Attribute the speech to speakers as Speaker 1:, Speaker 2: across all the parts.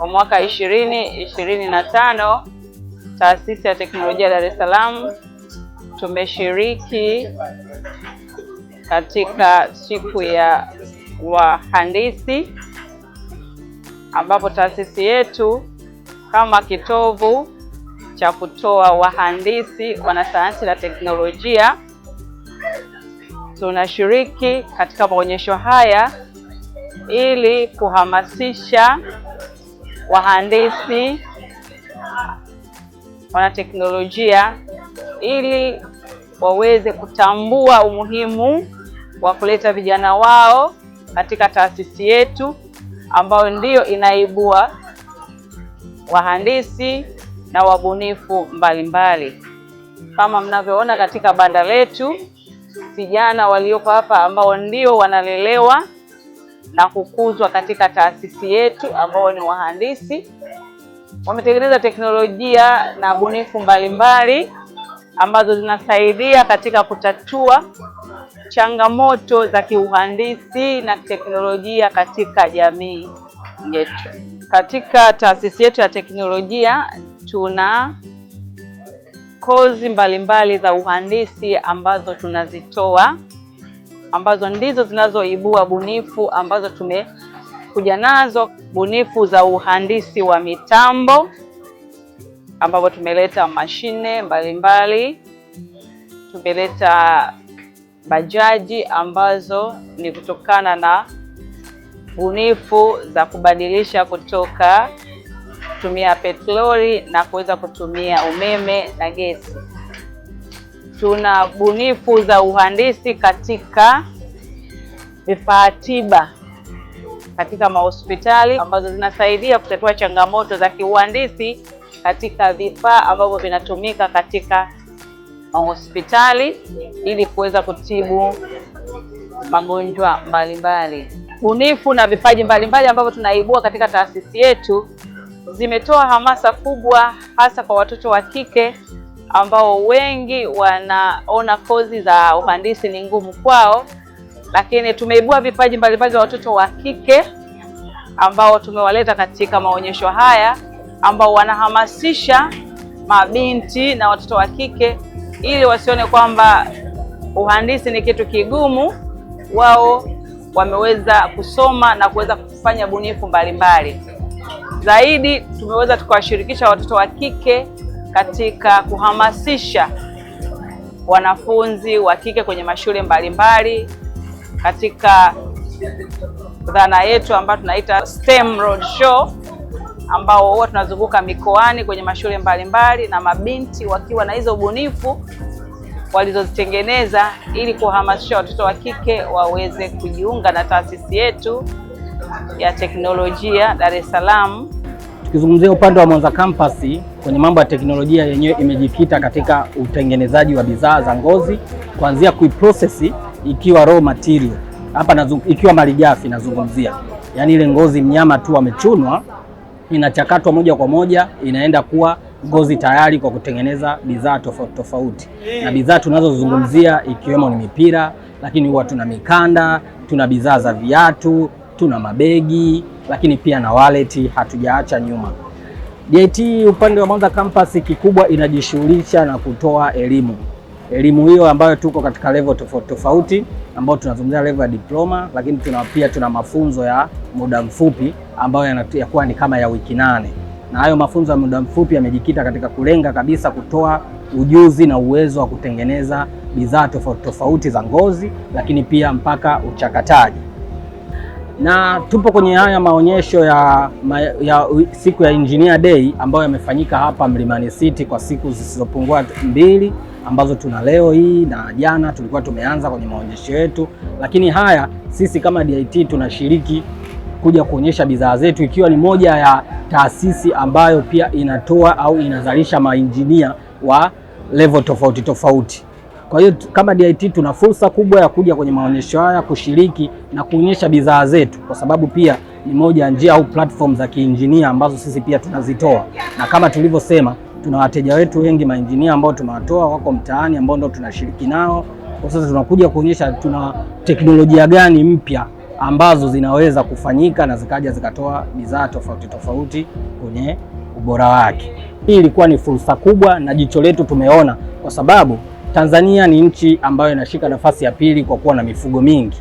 Speaker 1: wa mwaka 2025 Taasisi ya Teknolojia Dar es Salaam tumeshiriki katika siku ya wahandisi ambapo taasisi yetu kama kitovu cha kutoa wahandisi wanasayansi na teknolojia tunashiriki katika maonyesho haya ili kuhamasisha wahandisi, wanateknolojia ili waweze kutambua umuhimu wa kuleta vijana wao katika taasisi yetu ambayo ndiyo inaibua wahandisi na wabunifu mbalimbali Kama mnavyoona katika banda letu, vijana walioko hapa ambao ndio wanalelewa na kukuzwa katika taasisi yetu ambao ni wahandisi. Wametengeneza teknolojia na bunifu mbalimbali ambazo zinasaidia katika kutatua changamoto za kiuhandisi na teknolojia katika jamii yetu. Katika taasisi yetu ya teknolojia tuna kozi mbalimbali mbali za uhandisi ambazo tunazitoa ambazo ndizo zinazoibua bunifu ambazo tumekuja nazo, bunifu za uhandisi wa mitambo ambapo tumeleta mashine mbalimbali, tumeleta bajaji ambazo ni kutokana na bunifu za kubadilisha kutoka kutumia petroli na kuweza kutumia umeme na gesi tuna bunifu za uhandisi katika vifaa tiba katika mahospitali ambazo zinasaidia kutatua changamoto za kiuhandisi katika vifaa ambavyo vinatumika katika mahospitali ili kuweza kutibu magonjwa mbalimbali. Bunifu na vipaji mbalimbali ambavyo tunaibua katika taasisi yetu zimetoa hamasa kubwa hasa kwa watoto wa kike ambao wengi wanaona kozi za uhandisi ni ngumu kwao, lakini tumeibua vipaji mbalimbali vya watoto wa kike ambao tumewaleta katika maonyesho haya ambao wanahamasisha mabinti na watoto wa kike ili wasione kwamba uhandisi ni kitu kigumu. Wao wameweza kusoma na kuweza kufanya bunifu mbalimbali zaidi. Tumeweza tukawashirikisha watoto wa kike katika kuhamasisha wanafunzi wa kike kwenye mashule mbalimbali mbali, katika dhana yetu ambayo tunaita STEM Show ambao huwa tunazunguka mikoani kwenye mashule mbalimbali mbali, na mabinti wakiwa na hizo ubunifu walizozitengeneza ili kuhamasisha watoto wa kike waweze kujiunga na taasisi yetu ya teknolojia Dar es Salaam
Speaker 2: Tukizungumzia upande wa Mwanza Campus kwenye mambo ya teknolojia, yenyewe imejikita katika utengenezaji wa bidhaa za ngozi kuanzia kuiprocess ikiwa raw material hapa na ikiwa malighafi nazungumzia, yaani ile ngozi mnyama tu amechunwa inachakatwa moja kwa moja inaenda kuwa ngozi tayari kwa kutengeneza bidhaa tofauti tofauti, na bidhaa tunazozungumzia ikiwemo ni mipira, lakini huwa tuna mikanda, tuna bidhaa za viatu, tuna mabegi lakini pia na wallet hatujaacha nyuma. JT upande wa Mwanza campus kikubwa inajishughulisha na kutoa elimu elimu hiyo ambayo tuko katika level tofauti tofauti, ambayo tunazungumzia level ya diploma, lakini tuna pia tuna mafunzo ya muda mfupi ambayo yanakuwa ni kama ya wiki nane, na hayo mafunzo ya muda mfupi yamejikita katika kulenga kabisa kutoa ujuzi na uwezo wa kutengeneza bidhaa tofauti tofauti za ngozi, lakini pia mpaka uchakataji na tupo kwenye haya maonyesho ya, ya siku ya Engineer Day ambayo yamefanyika hapa Mlimani City kwa siku zisizopungua mbili ambazo tuna leo hii na jana tulikuwa tumeanza kwenye maonyesho yetu, lakini haya sisi kama DIT tunashiriki kuja kuonyesha bidhaa zetu, ikiwa ni moja ya taasisi ambayo pia inatoa au inazalisha mainjinia wa level tofauti tofauti. Kwa hiyo kama DIT tuna fursa kubwa ya kuja kwenye maonyesho haya kushiriki na kuonyesha bidhaa zetu, kwa sababu pia ni moja ya njia au platform za kiinjinia ambazo sisi pia tunazitoa, na kama tulivyosema, tuna wateja wetu wengi mainjinia ambao tunawatoa wako mtaani, ambao ndio tunashiriki nao kwa sasa. Tunakuja kuonyesha tuna teknolojia gani mpya ambazo zinaweza kufanyika na zikaja zikatoa bidhaa tofauti tofauti kwenye ubora wake. Hii ilikuwa ni fursa kubwa, na jicho letu tumeona kwa sababu Tanzania ni nchi ambayo inashika nafasi ya pili kwa kuwa na mifugo mingi,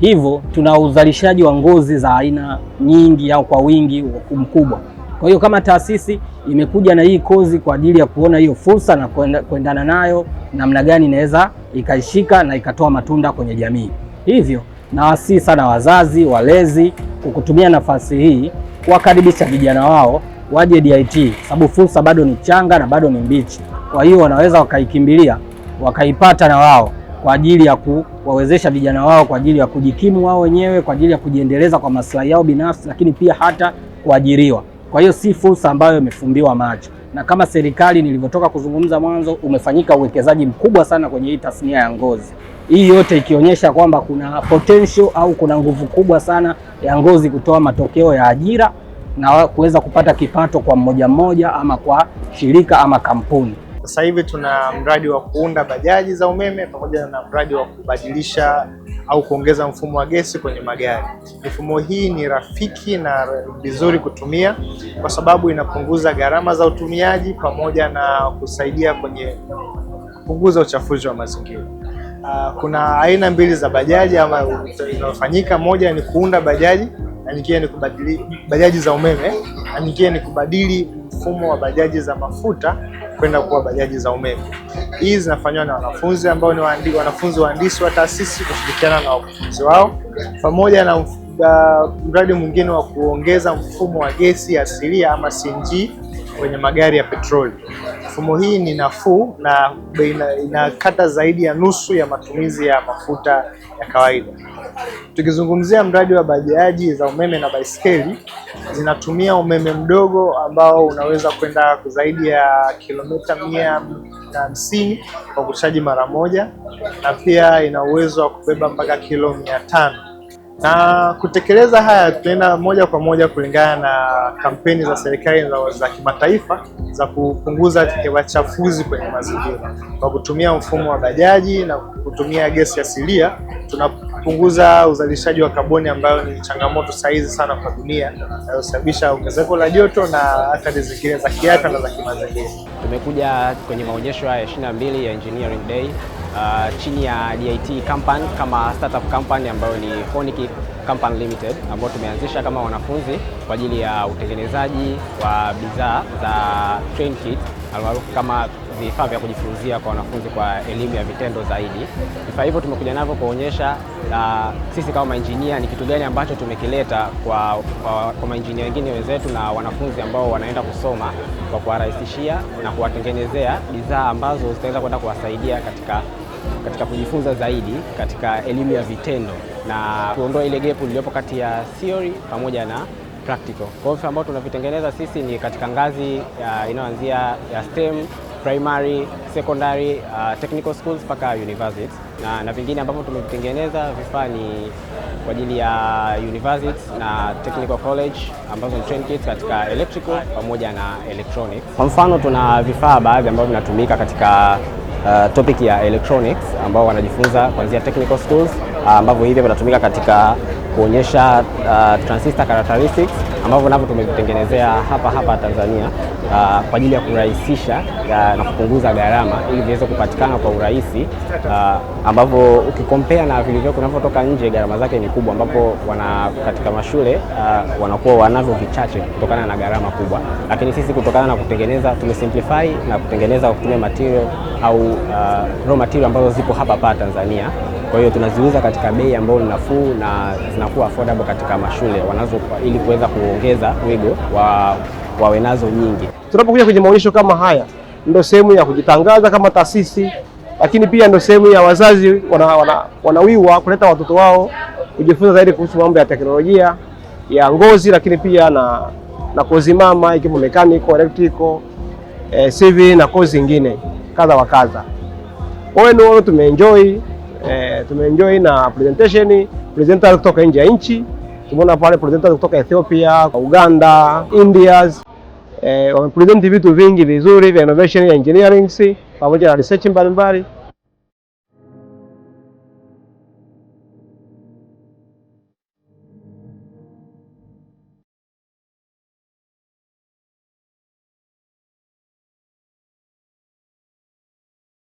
Speaker 2: hivyo tuna uzalishaji wa ngozi za aina nyingi au kwa wingi mkubwa. Kwa hiyo kama taasisi imekuja na hii kozi kwa ajili ya kuona hiyo fursa na kuendana nayo namna gani inaweza ikaishika na ikatoa matunda kwenye jamii. Hivyo nawasihi sana wazazi, walezi kukutumia nafasi hii kuwakaribisha vijana wao waje DIT, sababu fursa bado ni changa na bado ni mbichi, kwa hiyo wanaweza wakaikimbilia wakaipata na wao kwa ajili ya kuwawezesha vijana wao kwa ajili ya kujikimu wao wenyewe, kwa ajili ya kujiendeleza kwa maslahi yao binafsi, lakini pia hata kuajiriwa. Kwa hiyo si fursa ambayo imefumbiwa macho, na kama serikali nilivyotoka kuzungumza mwanzo, umefanyika uwekezaji mkubwa sana kwenye hii tasnia ya ngozi, hii yote ikionyesha kwamba kuna potential au kuna nguvu kubwa sana ya ngozi kutoa matokeo ya ajira na kuweza kupata kipato kwa mmoja mmoja ama kwa shirika ama kampuni.
Speaker 3: Sasa hivi tuna mradi wa kuunda bajaji za umeme pamoja na mradi wa kubadilisha au kuongeza mfumo wa gesi kwenye magari. Mifumo hii ni rafiki na vizuri kutumia kwa sababu inapunguza gharama za utumiaji pamoja na kusaidia kwenye kupunguza uchafuzi wa mazingira. Ah, kuna aina mbili za bajaji ama inayofanyika, moja ni kuunda bajaji na nyingine ni kubadili bajaji za umeme na nyingine ni kubadili mfumo wa bajaji za mafuta kwenda kuwa bajaji za umeme. Hizi zinafanywa na wanafunzi ambao ni waandi, wanafunzi waandishi wa taasisi kushirikiana na wakufunzi wao pamoja na mradi mwingine wa kuongeza mfumo wa gesi asilia ama CNG kwenye magari ya petroli. Mifumo hii ni nafuu na inakata zaidi ya nusu ya matumizi ya mafuta ya kawaida. Tukizungumzia mradi wa bajaji za umeme na baiskeli, zinatumia umeme mdogo ambao unaweza kwenda zaidi ya kilomita mia na hamsini kwa kuchaji mara moja, na pia ina uwezo wa kubeba mpaka kilo mia tano. Na kutekeleza haya tunaenda moja kwa moja kulingana na kampeni za serikali za, za kimataifa za kupunguza chafuzi kwenye mazingira kwa kutumia mfumo wa bajaji na kutumia gesi asilia tuna kupunguza uzalishaji wa kaboni ambayo ni changamoto sahizi sana kwa dunia inayosababisha ongezeko la joto na athari zingine za kiafya na za kimazingira.
Speaker 4: Tumekuja kwenye maonyesho ya 22 ya Engineering Day uh, chini ya DIT Company kama startup company ambayo ni Honic Company Limited ambayo tumeanzisha kama wanafunzi kwa ajili ya utengenezaji wa bidhaa za train kit almaarufu kama vifaa vya kujifunzia kwa wanafunzi kwa elimu ya vitendo zaidi. Vifaa hivyo tumekuja navyo kuonyesha na sisi kama mainjinia ni kitu gani ambacho tumekileta kwa, kwa, kwa mainjinia wengine wenzetu na wanafunzi ambao wanaenda kusoma kwa kuwarahisishia na kuwatengenezea bidhaa ambazo zitaweza kwenda kuwasaidia katika katika kujifunza zaidi katika elimu ya vitendo na kuondoa ile gepu iliyopo kati ya theory pamoja na practical. Kwa hiyo ambao tunavitengeneza sisi ni katika ngazi inayoanzia ya STEM primary, secondary, uh, technical schools mpaka universities na, na vingine ambavyo tumevitengeneza vifaa ni kwa ajili ya universities na technical college ambazo ni train kits katika electrical pamoja na electronics. Kwa mfano tuna vifaa baadhi ambavyo vinatumika katika uh, topic ya electronics ambao wanajifunza kuanzia technical schools uh, ambavyo uh, hivyo vinatumika katika kuonyesha uh, transistor characteristics ambavyo navyo tumevitengenezea hapa hapa Tanzania uh, kwa ajili ya kurahisisha uh, na kupunguza gharama ili viweze kupatikana kwa urahisi uh, ambavyo ukikompea na vilivyoko vinavyotoka nje gharama zake ni kubwa, ambapo wana katika mashule uh, wanakuwa wanavyo vichache kutokana na gharama kubwa, lakini sisi kutokana na kutengeneza tumesimplify na kutengeneza kutumia material au uh, raw material ambazo zipo hapa hapa Tanzania kwa hiyo tunaziuza katika bei ambayo ni nafuu na zinakuwa affordable katika mashule wanazo, ili kuweza kuongeza wigo wa wawe nazo nyingi.
Speaker 5: Tunapokuja kwenye maonyesho kama haya, ndio sehemu ya kujitangaza kama taasisi, lakini pia ndio sehemu ya wazazi wana, wana, wanawiwa kuleta watoto wao kujifunza zaidi kuhusu mambo ya teknolojia ya ngozi, lakini pia na, na kozi mama ikiwemo mechanical, electrical, eh, civil na kozi nyingine kadha wa kadha. Kwa hiyo tumeenjoy eh, tumeenjoy na presentation presenter kutoka nje ya nchi. Tumeona pale presenter kutoka Ethiopia, Uganda, Indias eh, wamepresent vitu vingi vizuri vya innovation ya engineering pamoja na research mbalimbali.